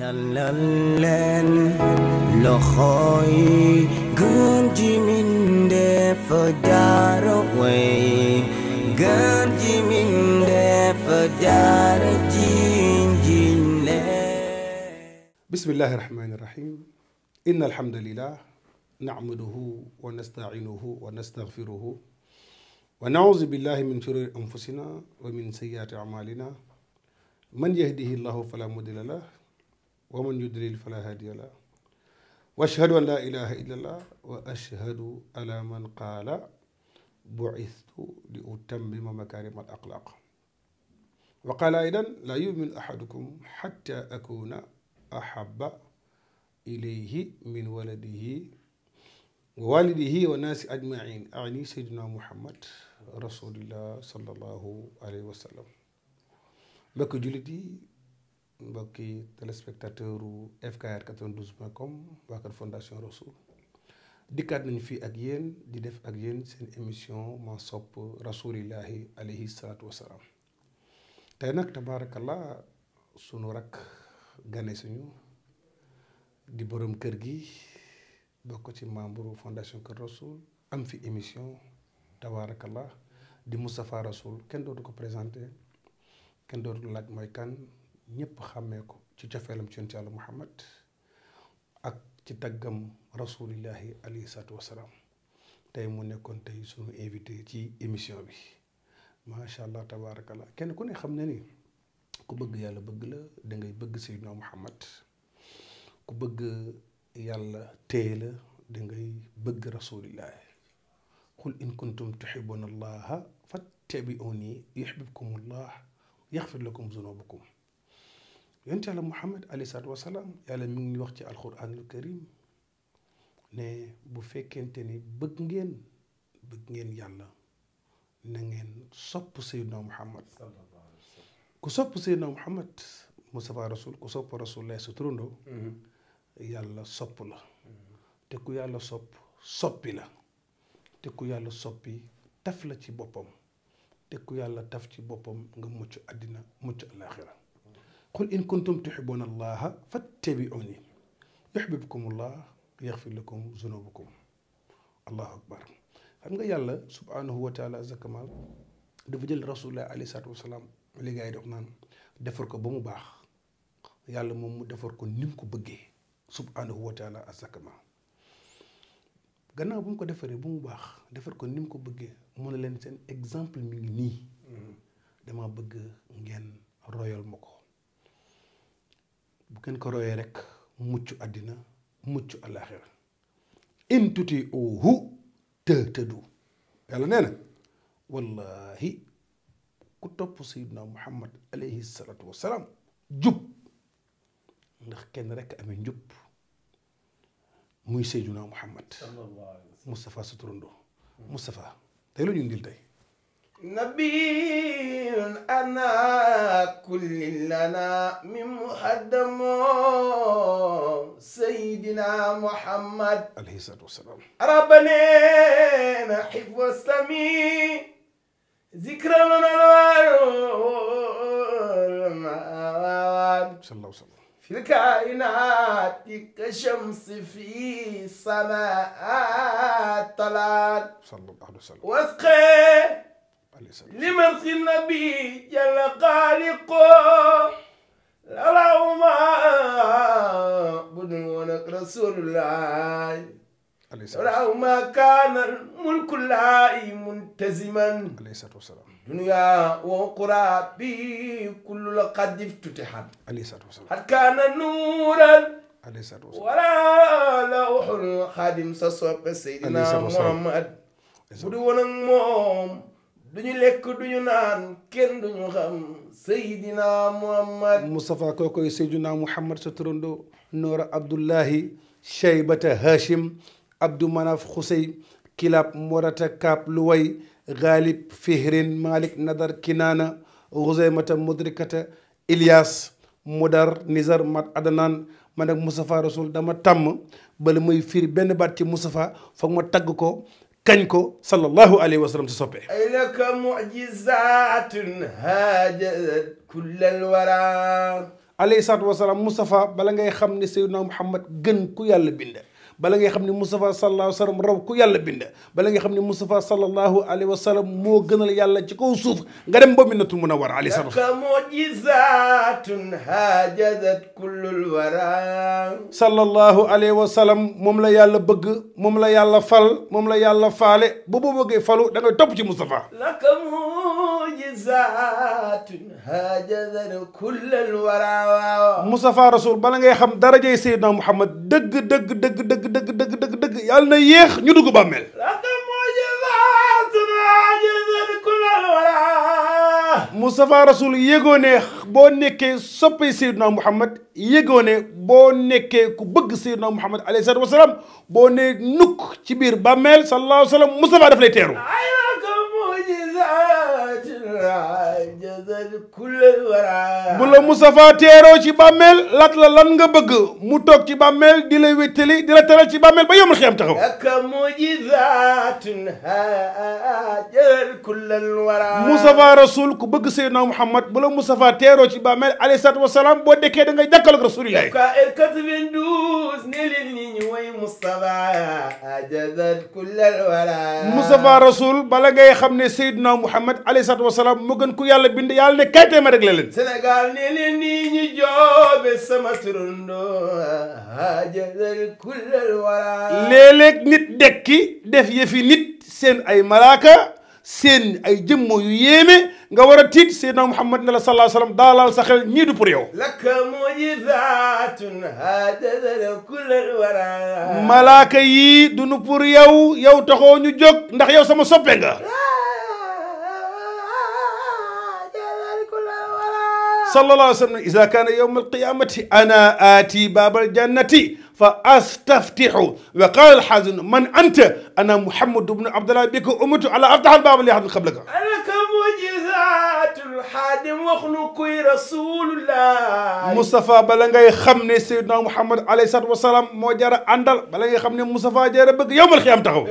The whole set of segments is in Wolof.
tàllal leen loxoy gën alhamdulillah nacmaduhu wa nastacinuhu wa nastagfiruhu wa naudu billahi min shururi anfusina wa min sayyiaati acmalina man lah waman yudlil fala hadiya la wa ashhadu an laa ilaha illa allah wa ashhadu ala man qaala buistu li utammima makarim al axlaq wa qaala aydan laa yuminu ahadukum xatta akuna ahaba ilayhi min waladihi wa walidihi wa naasi ajmain ani sayduna muhammad rasulillah sallallahu alayhi wa sallam mbokk jullit yi mbokki téléspectateur u FKR 92 point com waa kër fondation Rassoul dikkaat nañu fii ak yéen di def ak yéen seen émission ma sopp rasulillahi alayhi salaatu wasalaam tey nag tabaarakallah sunu rakk gane suñu di borom kër gi bokk ci membre fondation kër Rassoul am fi émission tabaarakallah di Moustapha Rassoul kenn dootu ko présenté kenn dootu laaj mooy kan ñëpp xàmmee ko ci cofeelam ci yonent yàlla Muhammad ak ci daggam rasulillahi alayhi salaatu wasalaam tey mu nekkoon tey suñu invité ci émission bi macha allah tabarakallah kenn ku ne xam ne ni ku bëgg yàlla bëgg la da bëgg Seydina Muhammad ku bëgg yàlla téye la da ngay bëgg rasulillahi qul in kuntum tuhibbuna allaha fattabi'uni yuhbibkum allah yaxfir lakum zunubakum yonent yàlla Muhammad alayhi salaatu wa salaam yàlla mi ngi wax ci alxuraanul karim ne bu fekkente ni bëgg ngeen bëgg ngeen yàlla na ngeen sopp Seydina Muhammad ku sopp Seydina Muhammad Mustafa Rasul ku sopp Rasul lay sa turandoo mm-hmm. yàlla sopp la mm-hmm. te ku yàlla sopp soppi la te ku yàlla soppi taf la ci boppam te ku yàlla taf ci boppam nga mucc àddina mucc alaaxira qul in kuntum tuhibbuna allaha fattabi'uni yuhbibkum allah yaxfir lakum zunubukum allahu akbar xam nga yàlla subhanahu wa taala zakamal dafa jël rasulullah alayhi salaatu wasalaam dox naan defar ko ba mu baax yàlla moom mu defar ko ni ko bëggee subhanahu wa taala azakamal gannaaw bu mu ko defaree ba mu baax defar ko ni ko bëggee mu ne leen seen exemple mi ngi nii mm-hmm. dama bëgg ngeen royal ma ko bu ngeen ko royee rek mucc àddina mucc àllaaxira in tuti uhu të yàlla nee na ku topp sayidna muhammad alayhi salatu wasalaam jub ndax kenn rek amee njub muy sayiduna muhammad mustafa sa turando tey la ñu tey نبي أنا كل لنا من مقدم سيدنا محمد عليه الصلاة والسلام ربنا حفظ السميع ذكرنا الوالد صلى الله عليه وسلم في الكائنات كشمس في سماء الطلال صلى الله عليه وسلم واسقي لمسخ النبي جل خالقه لهما بدون رسول الله لهما كان الملك الله منتزما عليه الصلاه والسلام دنيا وقرى به كل قد افتتحت عليه الصلاه والسلام قد كان نورا عليه الصلاه والسلام ولا لوح خادم سصوب سيدنا محمد بدون موم duñu lekk duñu naan kenn duñu xam Seydina Muhammad Moustapha kookoy Seydina Muhammad sa turando Noora Abdullahi Cheybata Hachim Abdou Manaf Xusey Kilab Morata Kaab Luway Ghalib Fihrin Malik Nadar Kinaana Xuseymata Mudrikata Ilyas Mudar Nizar Mat Adanan man ak Moustapha dama tàmm bala muy fiir benn baat ci Moustapha foog ma tagg ko kañ ko sallallahu alayhi wa sallam si soppe ay laka mujizatun haajat kullal wara alayhi salaatu wasalaam Moustapha bala ngay xam ne Seydina Muhammad gën ku yàlla bind bala nga xam ne Moustapha sallallahu alayhi wa sallam raw ku yàlla bind bala nga xam ne Moustapha sallallahu alayhi wa sallam moo gënal yàlla ci kaw suuf nga dem Madinatul Munawwara alayhi salaatu laka mujizatun hajazat kullul wara sallallahu alayhi wa sallam moom la yàlla bëgg moom la yàlla fal moom la yàlla faale bu boo bëggee falu da ngay topp ci Moustapha Moustapha Rasoul bala ngay xam darajay Seydina Mouhamed dëgg dëgg dëgg dëgg dëgg dëgg dëgg dëgg yàlla na yéex ñu dugg bàmmeel Moustapha Rasoul yégoo ne boo nekkee soppee Seydina Mouhamed yégoo ne boo nekkee ku bëgg Seydina Mouhamed alayhi salaatu wa salaam boo ne nukk ci biir bàmmeel sallallahu alayhi wa sallam Moustapha daf lay teeru good bu la Moustapha teeroo ci bàmmeel lat la lan nga bëgg mu toog ci bàmmeel di la wéttali di la teral ci bàmmeel ba yomul xiyam taxaw Moustapha Rasoul ku bëgg Seydina Mouhamad bu la Moustapha teeroo ci bàmmeel alayhi salaatu wa salaam boo dekkee da ngay jàkkaarloog Rasulillahi er Moustapha Rasoul bala ngay xam ne Seydina Mouhamad alayhi salaatu wa salaam mu gën ku yàlla bind yàlla ne kayte ma réglé leen. nii ñu dekki def yëfi nit seen ay malaaka seen ay jëmmo yu yéeme nga war a tiit Seydina Muhammad ne la sallallahu alayhi wa sallam daalaal pour yow. laka mujizaatun ajal malaaka yii du nu pour yow yow taxoo ndax yow sama soppe nga. sallallahu alayhi wa sallam ida kaana yowma alqiyamati ana aati baaba aljannati fa astaftihu wa qala alxaazinu man anta ana muhammadu bnu abdullah bika umirtu ala aftaha albaaba li ahadin qablaka alaka mujizatul xaadim waxlu kuy rasulullah Moustapha bala ngay xam ne Seydina Mouhamed alayhi salaatu wa salaam moo jar a àndal bala ngay xam ne Moustapha jar a bëgg yowmal qiyaam taxaw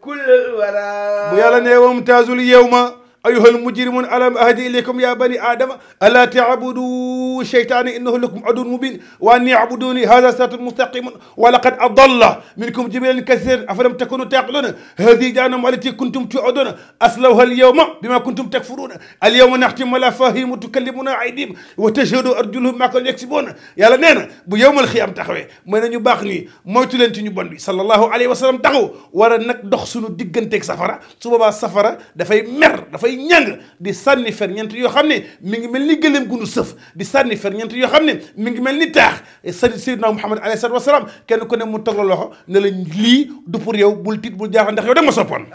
كل الورى bu yàlla ne wamtaazul yawma ayyuhal mujrimun alam ahdi ilaykum ya bani adama alaa ta'budu sheytaana innahu lakum aduwwun mubin wa an i'buduni hadha siratun mustaqimun wa laqad adalla minkum jibilan kasiran afalam takunu taqiluna hadihi jahannam allati kuntum tu'aduna aslawha alyawma bima kuntum takfuruna alyawma naxtimu ala afwahihim wa tukallimuna aydihim wa tashhadu arjuluhum bima kanu yaksibun yàlla nee na bu yowmal xiyaam taxawee mën na ñu baax nii moytu leen ci ñu bon bi sallallahu alayhi wa sallam taxaw war a nag dox suñu digganteeg safara su boobaa safara dafay mer dafay dafay ñàng di sànni ferñeent yoo xam ne mi ngi mel ni gëléem gu nu sëf di sànni ferñeent yoo xam ne mi ngi mel ni taax sëriñ Seydina Muhammad alayhi salaatu wa salaam kenn ku ne mu teg loxo ne la lii du pour yow bul tiit bul jaaxal ndax yow da nga ma soppoon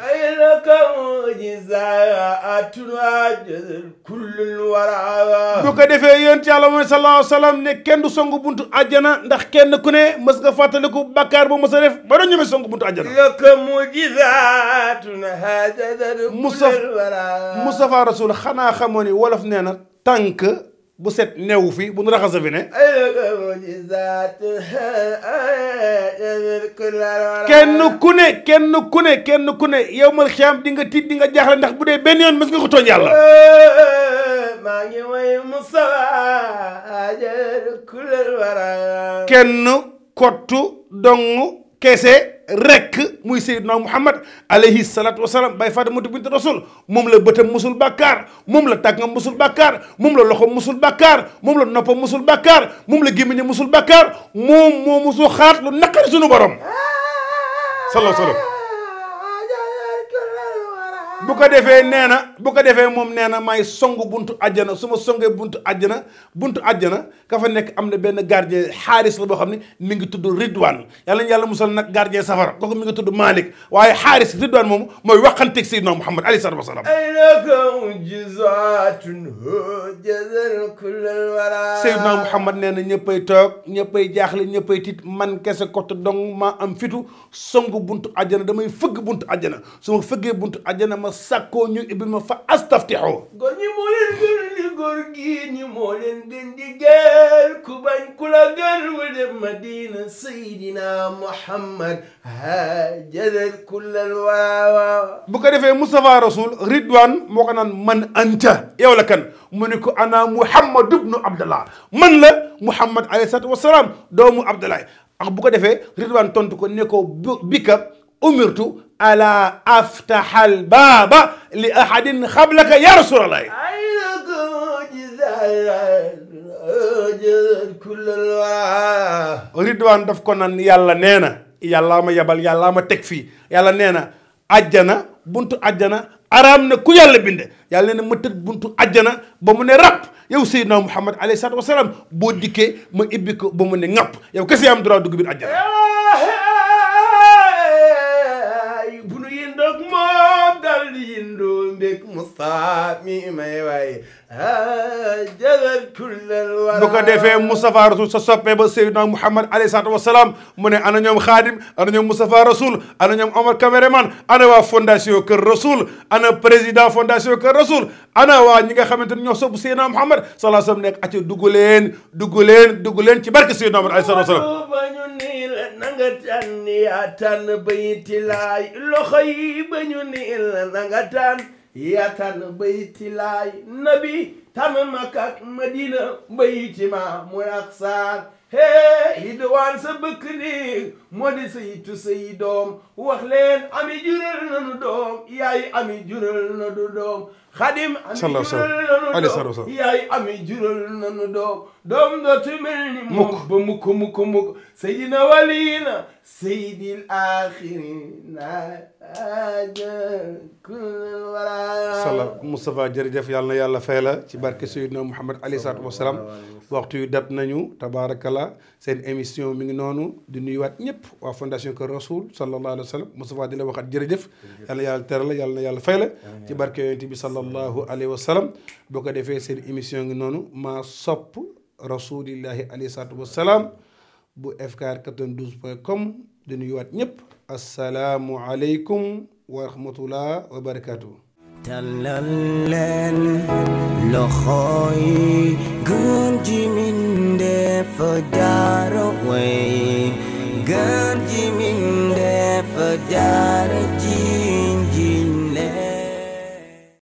لك معجزات تعجز كل الورى bu ko defee yonent yàlla mooy sallallahu alayhi wa sallam ne kenn du songu buntu àjjana ndax kenn ku ne mës nga fàttaliku bàkkaar boo mës a def ba doon ñëwee songu buntu àjjana. لك معجزات تعجز كل الورى Moustapha Rasoul xanaa xamoo ni wolof nee na tànk. bu set newu fi bu nu raxasa fi ne kenn ku ne kenn ku ne kenn ku ne yow mal xiyaam di nga tiit di nga jaaxle ndax bu dee benn yoon mës nga ko tooñ yàlla maa ngi way kenn kottu dong kese rekk muy Seydina Muhammad alayhi salaat wa salaam bay Fatimatu bint Rasul moom la bëtam musul bàkkaar moom la tàggam musul bàkkaar moom la loxom musul bàkkaar moom la noppam musul bàkkaar moom la gémmiñam musul bàkkaar moom moo musul la lu naqari sunu borom sallallahu bu ko defee nee na bu ko defee moom nee na may songu buntu àjjana su ma songee buntu àjjana buntu àjjana ka fa nekk am na benn gardien xaaris la boo xam ne mi ngi tudd Ridwan yàlla na yàlla musal nag gardien safara kooku mi ngi tudd Malick waaye xaaris Ridwan moom mooy waxanteeg Seydina Muhammad alayhi salaatu wasalaam. Seydina Muhammad nee na ñëppay toog ñëppay jaaxle ñëppay tiit man kese kott dong maa am fitu songu buntu àjjana damay fëgg buntu àjjana su ma fëggee buntu àjjana sakkoo ñu bi ma fa astaftixoo góor ñi moo leen gën li góor gi ñi moo leen gën di gër ku bañ ku la gër wa dem madina sayidina muhammad hajadal kullal waawa bu ko defee moustapha rasoul ridwan moo ko naan man anta yow la kan mu ni ko ana muhammad ibnu abdallah man la muhammad alayhi salaatu wasalaam doomu abdallah ak bu ko defee ridwan tontu ko ne ko bika umirtu ala aftaxal baaba li ahadin xablaka ya rasulallahi ridwaan daf ko nan yàlla nee na yàllaa ma yebal yàllaa ma teg fii yàlla nee na ajjana buntu ajjana araam na ku yàlla binde yàlla nee na ma tëj buntu ajjana ba mu ne ràpp yow Seydina Muhammad alayhi salaatu wasalaam boo dikkee ma ibbi ko ba mu ne ŋàpp yow kese yaa am droit dugg biir ajjana bindoo mbég Moustapha mi may waaye jagal kullal wara bu ko defee Moustapha Rasoul sa soppe ba Seydina Mouhamad alayhi salaatu wa salaam mu ne ana ñoom Xaadim ana ñoom Moustapha Rasoul ana ñoom Omar Cameraman ana waa fondation Kër Rasoul ana président fondation Kër Rasoul ana waa ñi nga xamante ni ñoo sopp Seydina Mouhamad salaa sallam nekk acca dugg leen dugg leen dugg leen ci barke Seydina Mouhamad alayhi salaatu wa salaam nanga tànn yaa tànn bayti laay loxo yi ba ñu niil nanga tànn yaa tànn bayti laay nabi tànn Makka ak Madina bayti ma mu aksaar hee yi dowaan sa bëkk néeg moo di saytu say doom wax leen ami jural na du doom yaay ami jural na du doom xadim sallallahu alayhi wa sallam yaay ami jural nanu doom doom dootu mel ni mukk ba mukk mukk mukk sayyidina walina sayyidil axirina kullu wara sala Moustapha jërëjëf yàlla na yàlla fay la ci barke sayyidina Muhammad alayhi salaatu wasalaam waxtu yu dab nañu tabaarakala seen émission mi ngi noonu di nuyuwaat ñëpp waa fondation Kër Rasoul sallallahu alayhi wa sallam Moustapha di la waxaat jërëjëf yàlla na yàlla teral la yàlla na yàlla fay la ci barke yonent bi sallallahu alayhi wa boo ko defee seen émission ngi noonu maa sopp rasulillahi alayhi salaatu bu fkr 92 point com di nuyuwaat ñëpp asalaamu aleykum wa